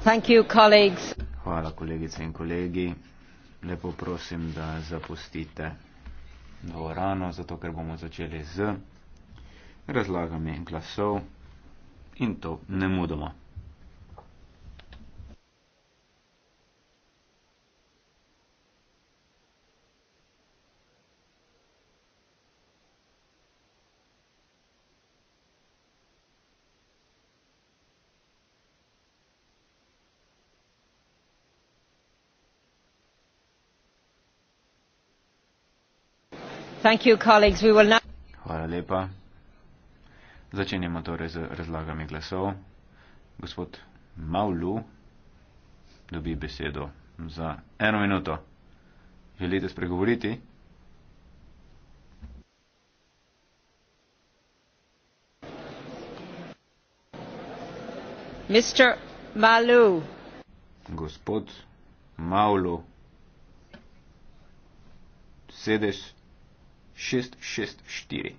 Hvala kolegice in kolegi. Lepo prosim, da zapustite dvorano, zato ker bomo začeli z razlagami glasov in to ne mudoma. Hvala lepa. Začenjamo torej z razlagami glasov. Gospod Maulu dobi besedo za eno minuto. Želite spregovoriti? Mr. Malu. Gospod Maulu, sedeš 664.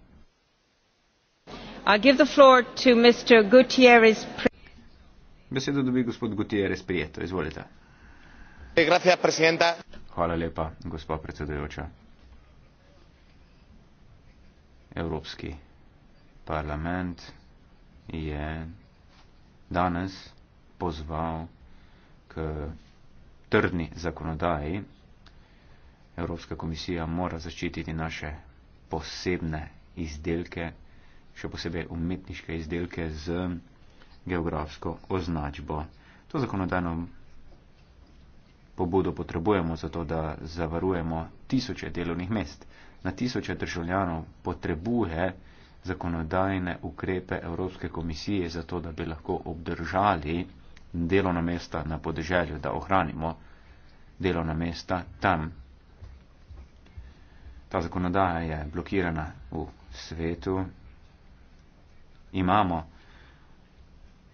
Besedo dobi gospod Gutierrez Prieto. Izvolite. Hvala lepa, gospod predsedujoča. Evropski parlament je danes pozval k trdni zakonodaji. Evropska komisija mora zaščititi naše posebne izdelke, še posebej umetniške izdelke z geografsko označbo. To zakonodajno pobudo potrebujemo zato, da zavarujemo tisoče delovnih mest. Na tisoče državljanov potrebuje zakonodajne ukrepe Evropske komisije zato, da bi lahko obdržali delovna mesta na podeželju, da ohranimo delovna mesta tam, Ta zakonodaja je blokirana v svetu. Imamo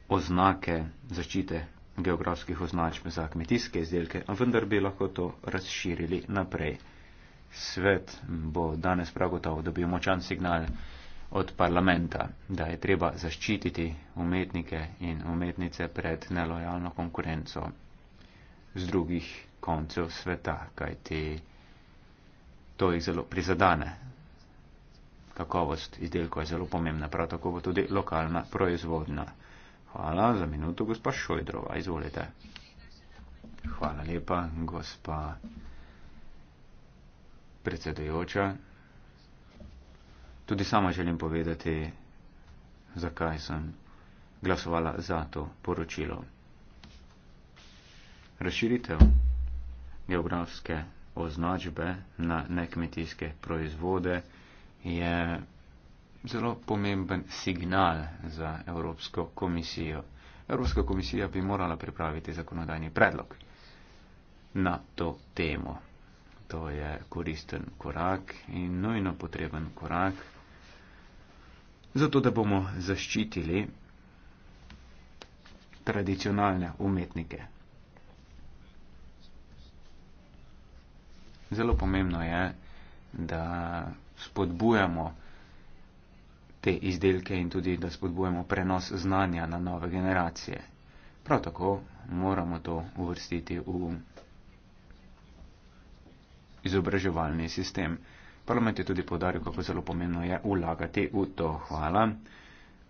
oznake zaščite geografskih označb za kmetijske izdelke, a vendar bi lahko to razširili naprej. Svet bo danes prav gotovo dobil močan signal od parlamenta, da je treba zaščititi umetnike in umetnice pred nelojalno konkurenco z drugih koncev sveta, kajti to jih zelo prizadane. Kakovost izdelkov je zelo pomembna, prav tako bo tudi lokalna proizvodnja. Hvala za minuto, gospa Šojdrova, izvolite. Hvala lepa, gospa predsedujoča. Tudi sama želim povedati, zakaj sem glasovala za to poročilo. Razširitev geografske označbe na nekmetijske proizvode je zelo pomemben signal za Evropsko komisijo. Evropska komisija bi morala pripraviti zakonodajni predlog na to temo. To je koristen korak in nujno potreben korak, zato da bomo zaščitili tradicionalne umetnike zelo pomembno je, da spodbujamo te izdelke in tudi, da spodbujamo prenos znanja na nove generacije. Prav tako moramo to uvrstiti v izobraževalni sistem. Parlament je tudi povdaril, kako zelo pomembno je ulagati v to. Hvala.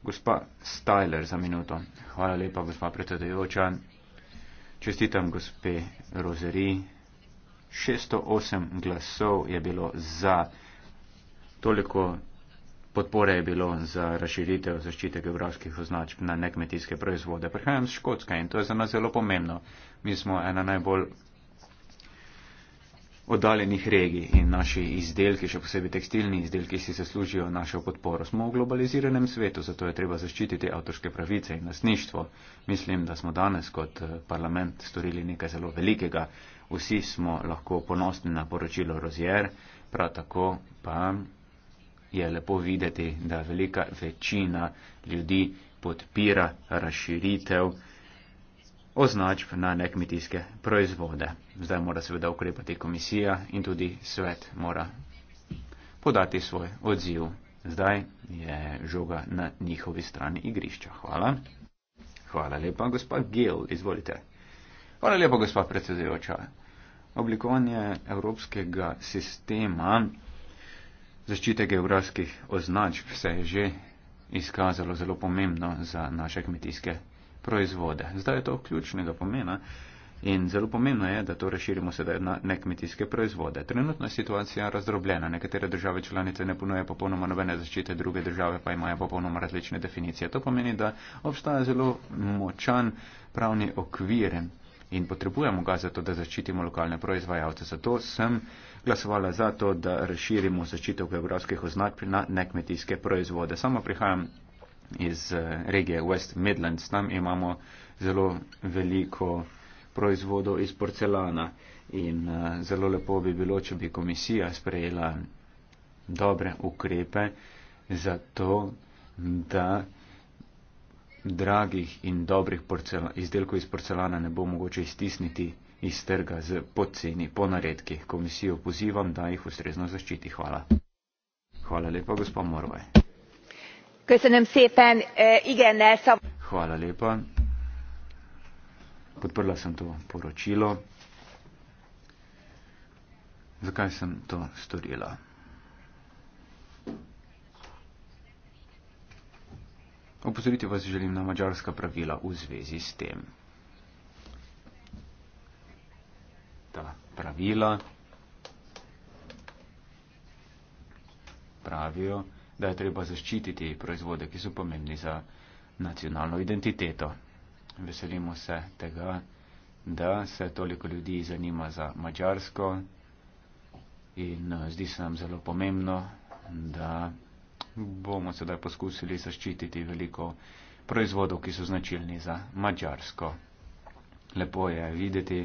Gospa Stajler za minuto. Hvala lepa, gospa predsedujoča. Čestitam gospe Rozeri. 608 glasov je bilo za, toliko podpore je bilo za razširitev zaščite geografskih označb na nekmetijske proizvode. Prihajam z Škotska in to je za nas zelo pomembno. Mi smo ena najbolj oddaljenih regij in naši izdelki, še posebej tekstilni izdelki, si zaslužijo našo podporo. Smo v globaliziranem svetu, zato je treba zaščititi avtorske pravice in lasništvo. Mislim, da smo danes kot eh, parlament storili nekaj zelo velikega. Vsi smo lahko ponosni na poročilo Rozier, prav tako pa je lepo videti, da velika večina ljudi podpira razširitev označb na nekmetijske proizvode. Zdaj mora seveda ukrepati komisija in tudi svet mora podati svoj odziv. Zdaj je žoga na njihovi strani igrišča. Hvala. Hvala lepa, gospa Gil, izvolite. Hvala lepa, gospa predsedujoča. Oblikovanje evropskega sistema zaščite geografskih označb se je že izkazalo zelo pomembno za naše kmetijske proizvode. Zdaj je to ključnega pomena in zelo pomembno je, da to razširimo sedaj na nekmetijske proizvode. Trenutno je situacija razdrobljena. Nekatere države članice ne ponuje popolnoma nobene zaščite, druge države pa imajo popolnoma različne definicije. To pomeni, da obstaja zelo močan pravni okvir. In potrebujemo ga zato, da zaščitimo lokalne proizvajalce. Zato sem glasovala za to, da razširimo zaščito geografskih oznak na nekmetijske proizvode. Sama prihajam iz eh, regije West Midlands. Tam imamo zelo veliko proizvodov iz porcelana in eh, zelo lepo bi bilo, če bi komisija sprejela dobre ukrepe za to, da dragih in dobrih izdelkov iz porcelana ne bo mogoče iztisniti iz trga z poceni po naredki. Komisijo pozivam, da jih ustrezno zaščiti. Hvala. Hvala lepa, gospod Morvaj. E, podprla sem to poročilo. Zakaj sem to storila? Opozoriti vas želim na mačarska pravila v zvezi s tem. Ta pravila pravijo, da je treba zaščititi proizvode, ki so pomembni za nacionalno identiteto. Veselimo se tega, da se toliko ljudi zanima za Mačarsko in eh, zdi se nam zelo pomembno, da bomo sedaj poskusili zaščititi veliko proizvodov, ki so značilni za Mačarsko. Lepo je videti,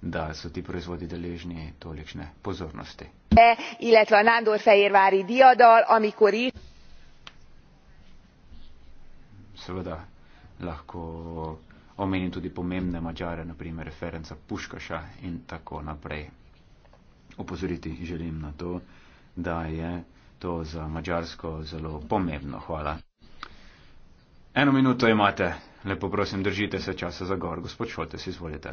da so ti proizvodi deležni tolikšne pozornosti. E, illetve a nándorfehérvári diadal amikor is. seveda lahko omenim tudi pomembne mačare naprimer referenca puškaša in tako naprej. opozoriti želim na to da je to za mačarsko zelo pomembno. hvala. eno minuto imate. lepo prosim držite se časa za govor gospod šoltes izvolite.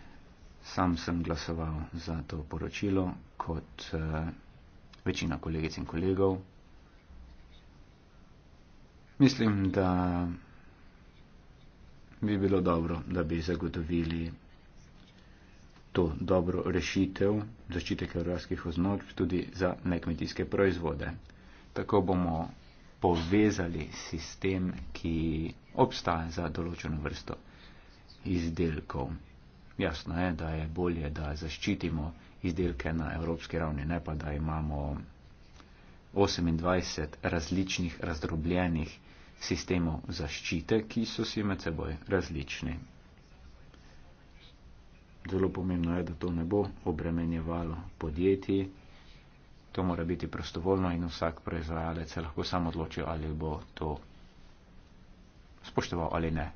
Sam sem glasoval za to poročilo kot uh, večina kolegic in kolegov. Mislim, da bi bilo dobro, da bi zagotovili to dobro rešitev zaščite evropskih označb tudi za nekmetijske proizvode. Tako bomo povezali sistem, ki obstaja za določeno vrsto izdelkov. Jasno je, da je bolje, da zaščitimo izdelke na evropski ravni, ne pa da imamo 28 različnih razdrobljenih sistemov zaščite, ki so si med seboj različni. Zelo pomembno je, da to ne bo obremenjevalo podjetij, to mora biti prostovoljno in vsak proizvajalec se lahko sam odločil, ali bo to spoštoval ali ne.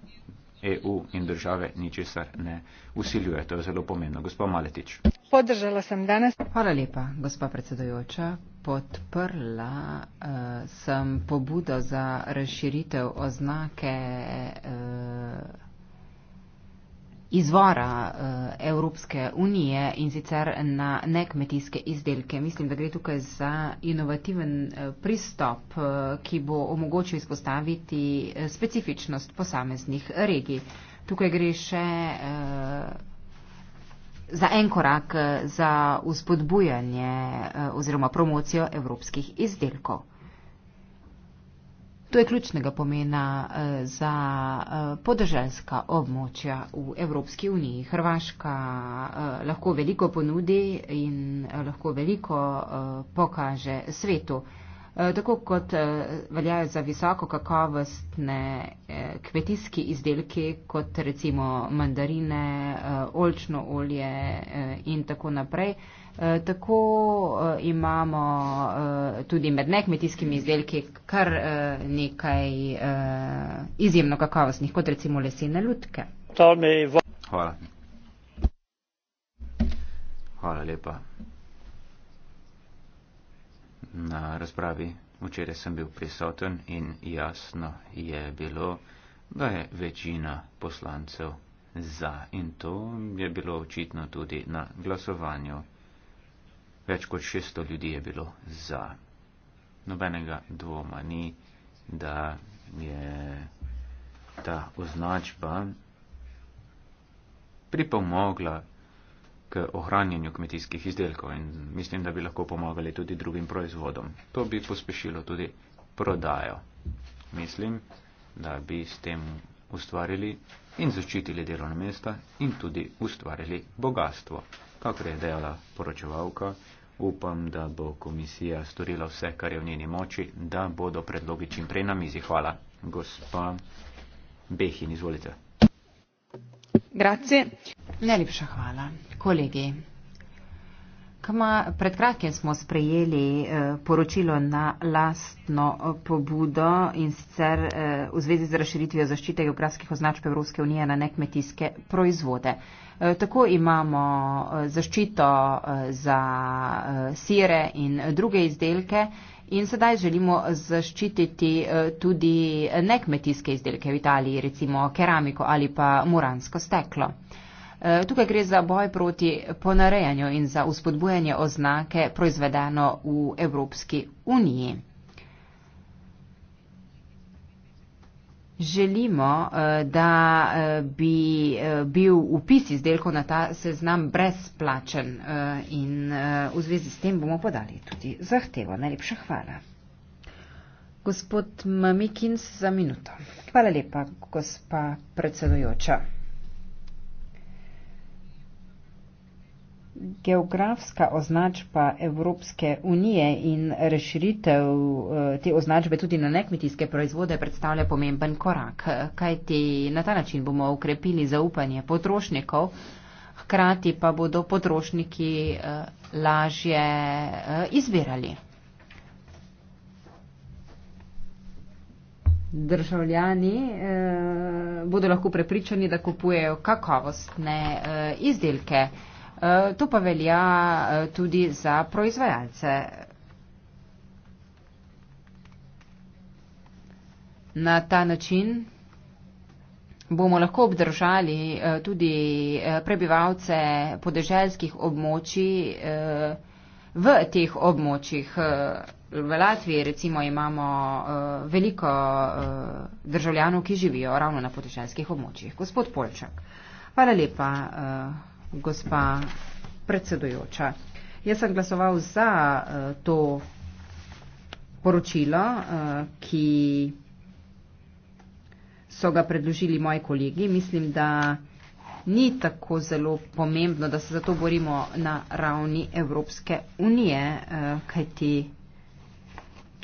EU in države ničesar ne usiljuje. To je zelo pomembno. Gospod Maletič. Podržala sem danes. Hvala lepa, gospa predsedojoča. Podprla uh, sem pobudo za razširitev oznake. Uh, izvora eh, Evropske unije in sicer na nekmetijske izdelke. Mislim, da gre tukaj za inovativen eh, pristop, eh, ki bo omogočil izpostaviti specifičnost posameznih regij. Tukaj gre še za en korak za uspodbujanje oziroma promocijo evropskih izdelkov. To je ključnega pomena eh, za eh, podeželska območja v Evropski uniji. Hrvaška eh, lahko veliko ponudi in lahko veliko pokaže svetu. Tako kot veljajo za visoko kakovostne kmetijski izdelki, kot recimo mandarine, olčno olje in tako naprej. Eh, tako eh, imamo eh, tudi med nekmetijskimi izdelki kar nekaj izjemno kakovostnih, kot recimo lesene lutke. Hvala. Hvala lepa. Na razpravi včeraj sem bil prisoten in jasno je bilo, da je večina poslancev za in to je bilo očitno tudi na glasovanju. Več kot 600 ljudi je bilo za. Nobenega dvoma ni, da je ta označba pripomogla k ohranjanju kmetijskih izdelkov in mislim, da bi lahko pomagali tudi drugim proizvodom. To bi pospešilo tudi prodajo. Mislim, da bi s tem ustvarili in zaščitili delovna mesta in tudi ustvarili bogatstvo. Kakor je dejala poročevalka, upam, da bo komisija storila vse, kar je v njeni moči, da bodo predlogi čim prej na mizi. Hvala. Gospa Behin, izvolite. Grazie. Najlepša hvala. Kolegi. Kma, pred kratkim smo sprejeli eh, poročilo na lastno eh, pobudo in sicer eh, v zvezi z razširitvijo zaščite geografskih označb Evropske unije na nekmetijske proizvode. Eh, tako imamo eh, zaščito eh, za eh, sire in druge izdelke in sedaj želimo zaščititi eh, tudi nekmetijske izdelke v Italiji, recimo keramiko ali pa muransko steklo. Eh, Eh, tukaj gre za boj proti ponarejanju in za uspodbujanje oznake proizvedeno v Evropski uniji. Želimo, eh, da eh, bi bil upis izdelkov na ta seznam brezplačen in v zvezi s tem bomo podali tudi zahtevo. Najlepša hvala. Gospod Mamikins za minuto. Hvala lepa, gospa predsedujoča. geografska označba Evropske unije in razširitev eh, te označbe tudi na nekmetijske proizvode predstavlja pomemben korak, kajti na ta način bomo ukrepili zaupanje potrošnikov, hkrati pa bodo potrošniki eh, lažje eh, izbirali. Državljani eh, bodo lahko prepričani, da kupujejo kakovostne eh, izdelke. Eh, to pa velja eh, tudi za proizvajalce. Na ta način bomo lahko obdržali eh, tudi prebivalce podeželskih območij v teh območjih. V Latviji recimo imamo veliko državljanov, ki živijo ravno na podeželskih območjih. Gospod Polčak, hvala lepa gospa predsedujoča. Jaz sem glasoval za uh, to poročilo, uh, ki so ga predložili moji kolegi. Mislim, da ni tako zelo pomembno, da se zato borimo na ravni Evropske unije, uh, kajti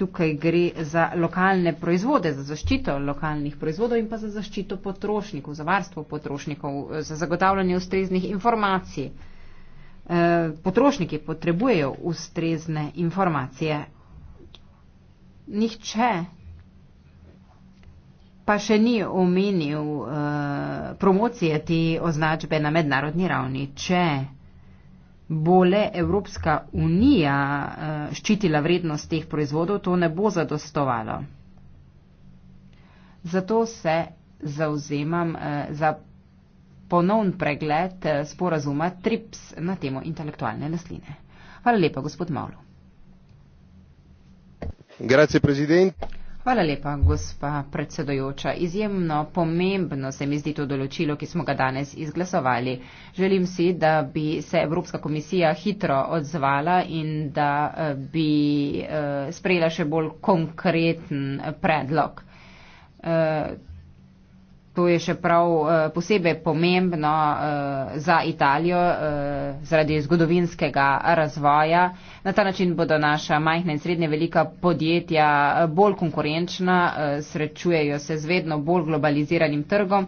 tukaj gre za lokalne proizvode, za zaščito lokalnih proizvodov in pa za zaščito potrošnikov, za varstvo potrošnikov, za zagotavljanje ustreznih informacij. Eh, potrošniki potrebujejo ustrezne informacije. Nihče pa še ni omenil uh, promocije te označbe na mednarodni ravni. Če bo le Evropska unija eh, ščitila vrednost teh proizvodov, to ne bo zadostovalo. Zato se zauzemam eh, za ponovn pregled eh, sporazuma TRIPS na temo intelektualne lasline. Hvala lepa, gospod Mavlo. Grazie, presidente. Hvala lepa, gospa predsedojoča. Izjemno pomembno se mi zdi to določilo, ki smo ga danes izglasovali. Želim si, da bi se Evropska komisija hitro odzvala in da eh, bi eh, sprejela še bolj konkreten eh, predlog. To je še prav uh, posebej pomembno uh, za Italijo uh, zaradi zgodovinskega razvoja. Na ta način bodo naša majhna in srednje velika podjetja bolj konkurenčna, uh, srečujejo se z vedno bolj globaliziranim trgom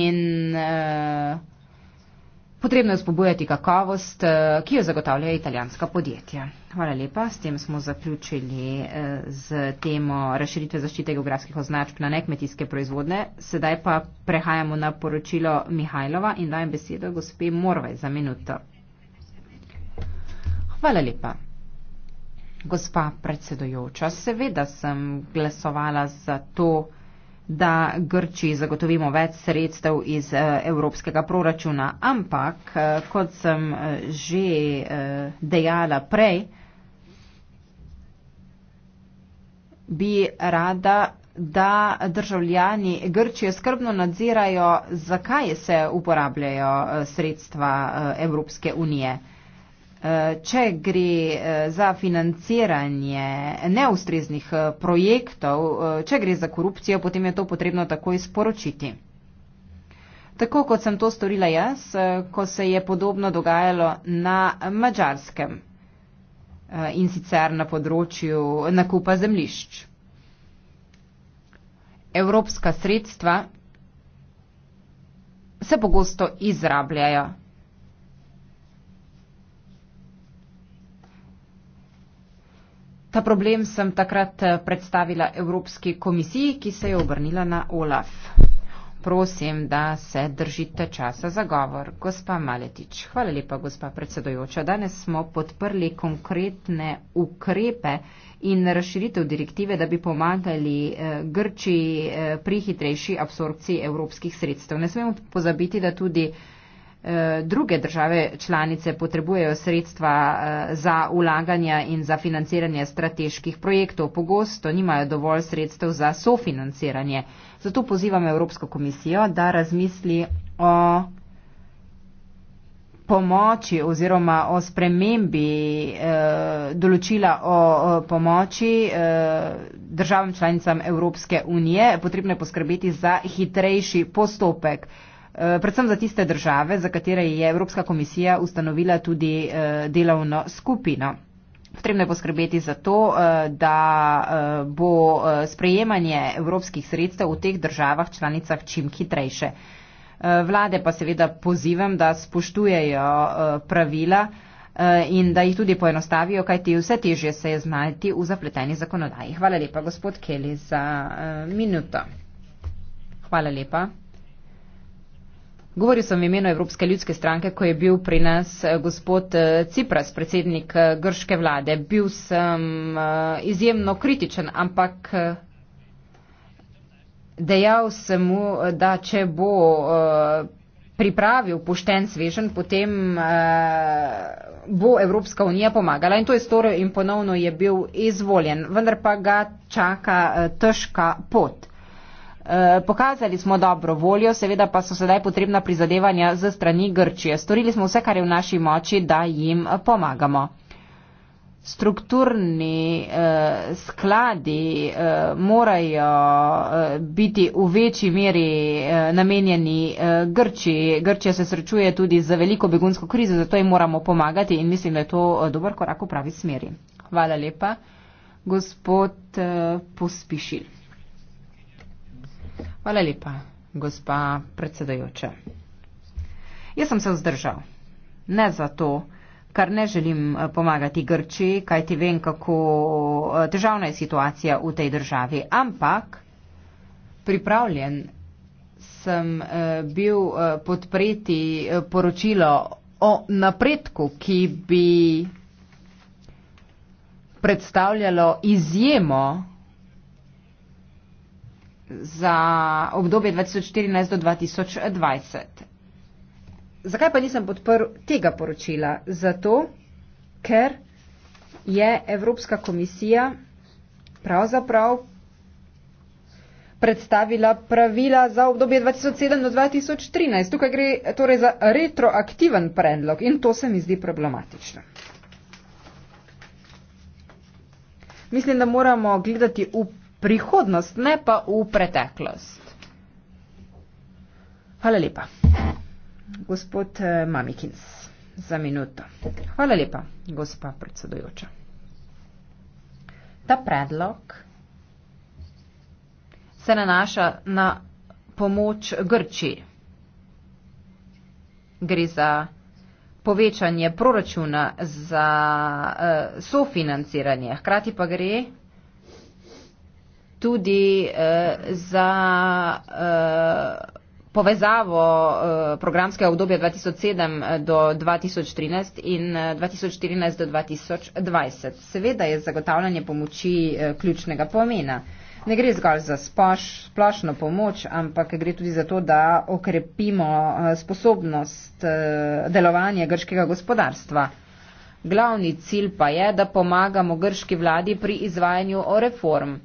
in uh, Potrebno je spobojati kakovost, eh, ki jo zagotavljajo italijanska podjetja. Hvala lepa, s tem smo zaključili eh, z temo razširitve zaščite geografskih označb na nekmetijske proizvodne. Sedaj pa prehajamo na poročilo Mihajlova in dajem besedo gospe Morvej za minuto. Hvala lepa. Gospa predsedojoča, seveda sem glasovala za to, da Grčiji zagotovimo več sredstev iz eh, evropskega proračuna. Ampak, eh, kot sem eh, že dejala prej, bi rada, da državljani Grčije skrbno nadzirajo, zakaj se uporabljajo sredstva Evropske unije. Če gre eh, za financiranje neustreznih eh, projektov, eh, če gre za korupcijo, potem je to potrebno takoj sporočiti. Tako kot sem to storila jaz, ko se je podobno dogajalo na mačarskem in sicer na področju nakupa zemlišč. Evropska sredstva se pogosto izrabljajo Ta problem sem takrat eh, predstavila Evropski komisiji, ki se je obrnila na OLAF. Prosim, da se držite časa za govor. Gospa Maletič, hvala lepa, gospa predsedojoča. Danes smo podprli konkretne ukrepe in razširitev direktive, da bi pomagali eh, Grči eh, pri hitrejši absorpciji evropskih sredstev. Ne smemo pozabiti, da tudi. Eh, druge države članice potrebujejo sredstva eh, za ulaganja in za financiranje strateških projektov, pogosto nimajo dovolj sredstev za sofinanciranje. Zato pozivam Evropsko komisijo, da razmisli o pomoči oziroma o spremembi eh, določila o, o pomoči eh, državam članicam Evropske unije. Potrebno je poskrbeti za hitrejši postopek. Eh, predvsem za tiste države, za katere je Evropska komisija ustanovila tudi eh, delovno skupino. Potrebno je poskrbeti za to, eh, da bo sprejemanje evropskih sredstev v teh državah članicah čim hitrejše. Vlade pa seveda pozivam, da spoštujejo pravila in da jih tudi poenostavijo, kajti vse težje se je znati v zapleteni zakonodaji. Hvala lepa, gospod Keli, za minuto. Hvala lepa. Govoril sem v imenu Evropske ljudske stranke, ko je bil pri nas eh, gospod eh, Cipras, predsednik eh, grške vlade. Bil sem izjemno kritičen, ampak dejal sem mu, da če bo pripravil pošten svežen, potem bo Evropska unija pomagala. In to je storil in ponovno je bil izvoljen. Vendar pa ga čaka težka pot. Eh, pokazali smo dobro voljo, seveda pa so sedaj potrebna prizadevanja ze strani Grčije. Storili smo vse, kar je v naši moči, da jim pomagamo. Strukturni eh, skladi eh, morajo eh, biti v večji meri eh, namenjeni eh, Grči. Grčija se srečuje tudi z veliko begunsko krizo, zato jim moramo pomagati in mislim, da je to eh, dober korak v pravi smeri. Hvala lepa, gospod eh, Pospišil. Hvala lepa, gospa predsedajoča. Jaz sem se vzdržal. Ne zato, ker ne želim eh, pomagati Grči, kajti vem, kako eh, težavna je situacija v tej državi, ampak pripravljen sem eh, bil podpreti poročilo o napredku, ki bi predstavljalo izjemo za obdobje 2014 do 2020. Zakaj pa nisem podprl tega poročila? Zato, ker je Evropska komisija pravzaprav predstavila pravila za obdobje 2007 do 2013. Tukaj gre torej za retroaktiven predlog in to se mi zdi problematično. Mislim, da moramo gledati v prihodnost, ne pa v preteklost. Hvala lepa. Gospod eh, Mamikins, za minuto. Hvala lepa, gospa predsedojoča. Ta predlog se nanaša na pomoč Grči. Gre za povečanje proračuna za uh, sofinanciranje, hkrati pa gre tudi eh, za eh, povezavo eh, programskega obdobja 2007 eh, do 2013 in 2014 eh, do 2020. Seveda je zagotavljanje pomoči eh, ključnega pomena. Ne gre zgolj za spoš, splošno pomoč, ampak gre tudi za to, da okrepimo eh, sposobnost eh, delovanja grškega gospodarstva. Glavni cilj pa je, da pomagamo grški vladi pri izvajanju reform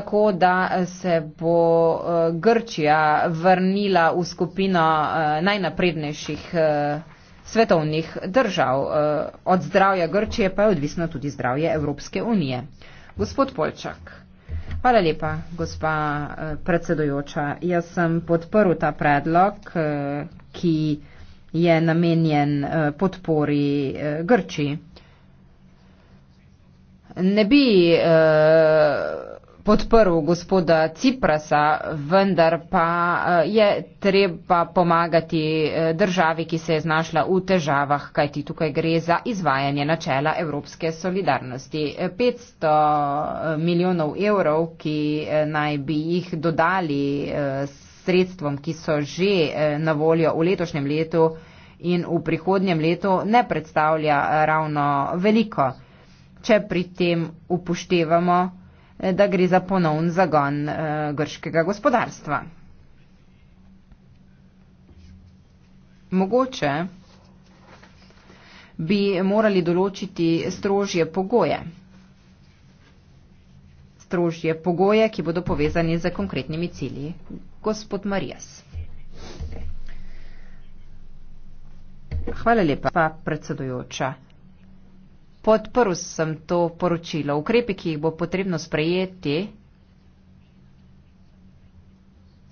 tako da se bo eh, Grčija vrnila v skupino eh, najnaprednejših eh, svetovnih držav. Od zdravja Grčije pa je odvisno tudi zdravje Evropske unije. Gospod Polčak. Hvala lepa, gospa predsedojoča. Jaz sem podprl ta predlog, ki je namenjen podpori Grči. Ne bi. Uh, podprl gospoda Ciprasa, vendar pa eh, je treba pomagati eh, državi, ki se je znašla v težavah, kajti tukaj gre za izvajanje načela evropske solidarnosti. 500 eh, milijonov evrov, ki naj bi jih dodali sredstvom, ki so že na voljo v letošnjem letu in v prihodnjem letu, ne predstavlja ravno veliko. Če pri tem upoštevamo, Eh, da gre za ponovn zagon uh, grškega gospodarstva. Mogoče bi morali določiti strožje pogoje. Strožje pogoje, ki bodo povezani z konkretnimi cilji. Gospod Marijas. Hvala lepa, predsedujoča podprl sem to poročilo. Ukrepi, ki jih bo potrebno sprejeti,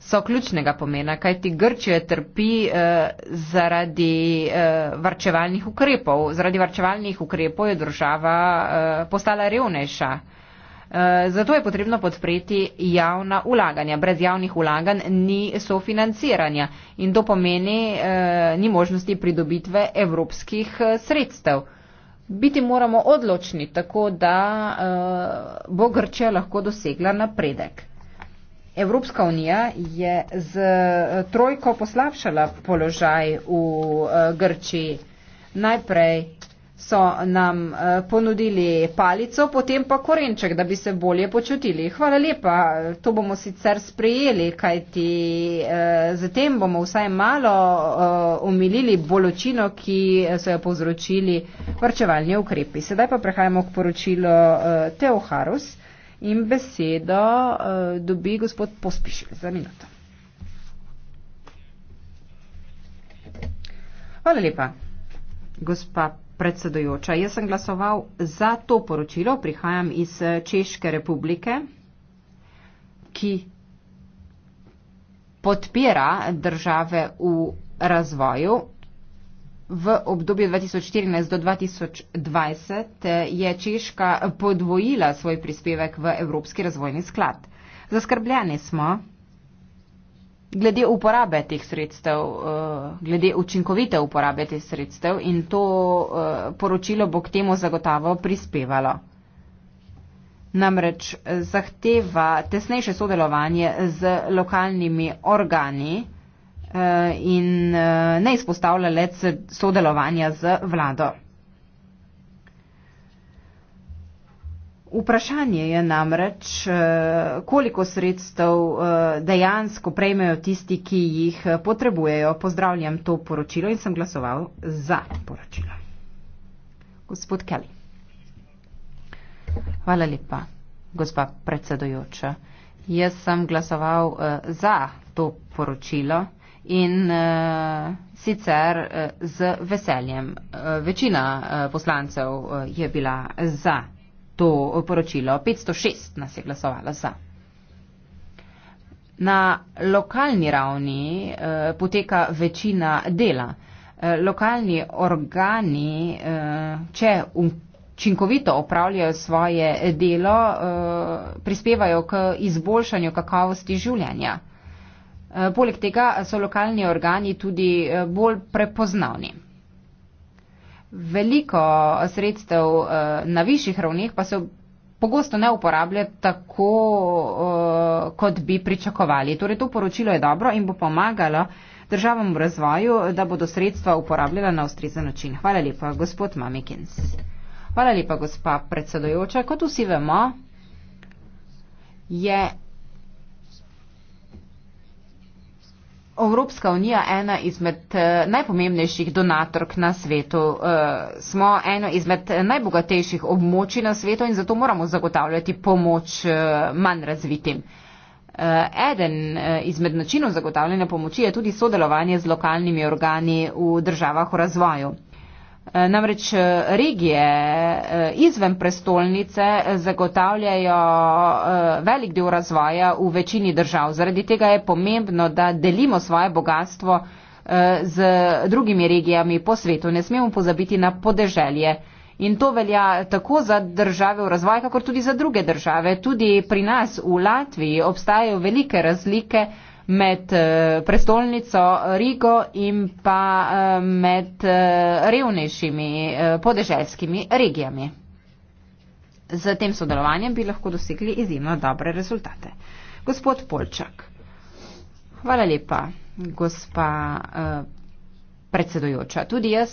so ključnega pomena, kajti Grčija trpi eh, zaradi eh, varčevalnih ukrepov. Zaradi varčevalnih ukrepov je država eh, postala revnejša. Eh, zato je potrebno podpreti javna ulaganja. Brez javnih ulaganj ni sofinanciranja in to pomeni eh, ni možnosti pridobitve evropskih eh, sredstev. Eh, biti moramo odločni, tako da uh, bo Grčija lahko dosegla napredek. Evropska unija je z eh, trojko poslavšala položaj v uh, Grčiji. Najprej so nam eh, ponudili palico, potem pa korenček, da bi se bolje počutili. Hvala lepa, to bomo sicer sprejeli, kajti zatem eh, bomo vsaj malo eh, omilili bolečino, ki so jo povzročili vrčevalni ukrepi. Sedaj pa prehajamo k poročilu Teoharus in besedo dobi gospod Pospišil za minuto. Hvala lepa. Gospa predsedojoča. Jaz sem glasoval za to poročilo, prihajam iz Češke republike, ki podpira države v razvoju. V obdobju 2014 do 2020 je Češka podvojila svoj prispevek v Evropski razvojni sklad. Zaskrbljeni smo, glede uporabe teh sredstev, eh, glede učinkovite uporabe teh sredstev in to eh, poročilo bo k temu zagotavo prispevalo. Namreč eh, zahteva tesnejše sodelovanje z lokalnimi organi in ne izpostavlja le sodelovanja z vlado. Vprašanje je namreč, eh, koliko sredstev eh, dejansko prejmejo tisti, ki jih eh, potrebujejo. Pozdravljam to poročilo in sem glasoval za poročilo. Gospod Kelly. Hvala lepa, gospa predsedojoča. Jaz sem glasoval za to poročilo in sicer z veseljem. Večina poslancev je bila za to poročilo. 506 nas je glasovalo za. Na lokalni ravni eh, poteka večina dela. Eh, lokalni organi, eh, če učinkovito opravljajo svoje delo, eh, prispevajo k izboljšanju kakovosti življenja. Eh, poleg tega so lokalni organi tudi eh, bolj prepoznavni veliko eh, sredstev uh, na višjih ravneh pa se pogosto ne uporablja tako, uh, kot bi pričakovali. Torej, to poročilo je dobro in bo pomagalo državam v razvoju, da bodo sredstva uporabljala na ustrezen način. Hvala lepa, gospod Mamikins. Hvala lepa, gospa predsedojoča. Kot vsi vemo, je Evropska unija je ena izmed eh, najpomembnejših donatork na svetu. Eh, smo eno izmed najbogatejših območij na svetu in zato moramo zagotavljati pomoč eh, manj razvitim. Eden izmed načinov zagotavljanja pomoči je tudi sodelovanje z lokalnimi organi v državah v razvoju. Eh, namreč eh, regije eh, izven prestolnice zagotavljajo velik del razvoja v večini držav. Zaradi tega je pomembno, da delimo svoje bogatstvo z drugimi regijami po svetu. Ne smemo pozabiti na podeželje. In to velja tako za države v razvoju, kakor tudi za druge države. Tudi pri nas v Latviji obstajajo velike razlike med eh, prestolnico Rigo in pa eh, med eh, revnejšimi podeželskimi regijami. Z tem sodelovanjem bi lahko dosegli izjemno dobre rezultate. Gospod Polčak. Hvala lepa, gospa predsedujoča. Tudi jaz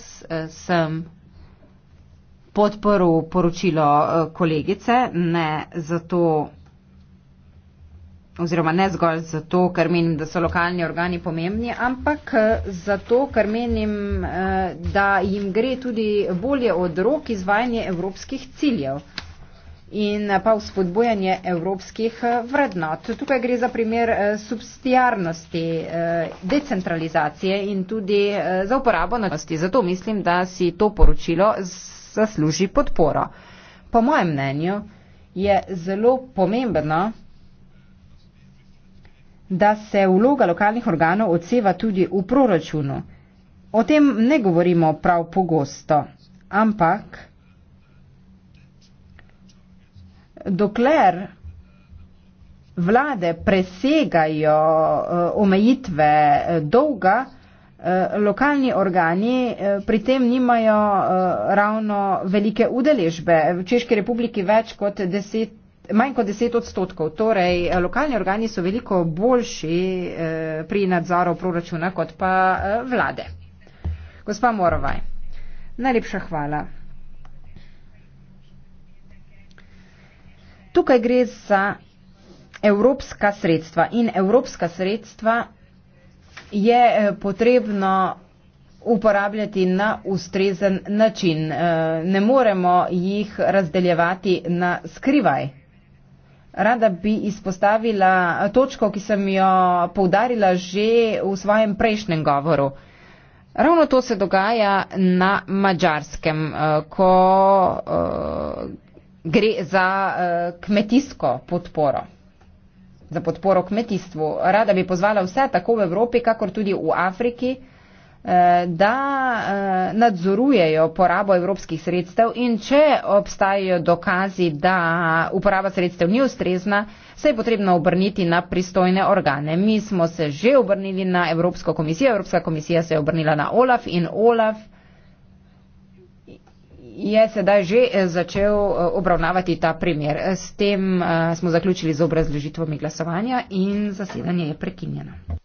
sem podporu poročilo kolegice, ne zato, oziroma ne zgolj zato, ker menim, da so lokalni organi pomembni, ampak eh, zato, ker menim, eh, da jim gre tudi bolje od rok izvajanje evropskih ciljev in eh, pa vzpodbojanje evropskih vrednot. Tukaj gre za primer substijarnosti, decentralizacije in tudi za uporabo nadnosti. Zato mislim, da si to poročilo zasluži podporo. Po mojem mnenju je zelo pomembno, da se vloga lokalnih organov odseva tudi v proračunu. O tem ne govorimo prav pogosto, ampak dokler vlade presegajo eh, omejitve eh, dolga, eh, lokalni organi pri tem nimajo ravno velike udeležbe. V Češki republiki več kot 10 manj kot 10 odstotkov. Torej, lokalni organi so veliko boljši eh, pri nadzoru proračuna kot pa eh, vlade. Gospa Morovaj, najlepša hvala. Tukaj gre za evropska sredstva in evropska sredstva je eh, potrebno uporabljati na ustrezen način. Ne moremo jih razdeljevati na skrivaj. Rada bi izpostavila točko, ki sem jo poudarila že v svojem prejšnjem govoru. Ravno to se dogaja na mačarskem, eh, ko eh, gre za eh, kmetijsko podporo, za podporo kmetijstvu. Rada bi pozvala vse, tako v Evropi, kakor tudi v Afriki, Eh, da eh, nadzorujejo porabo evropskih sredstev in če obstajajo dokazi, da uporaba sredstev ni ustrezna, se je potrebno obrniti na pristojne organe. Mi smo se že obrnili na Evropsko komisijo, Evropska komisija se je obrnila na OLAF in OLAF je sedaj že eh, začel obravnavati ta primer. S tem smo zaključili z obrazložitvami glasovanja in zasedanje je prekinjeno.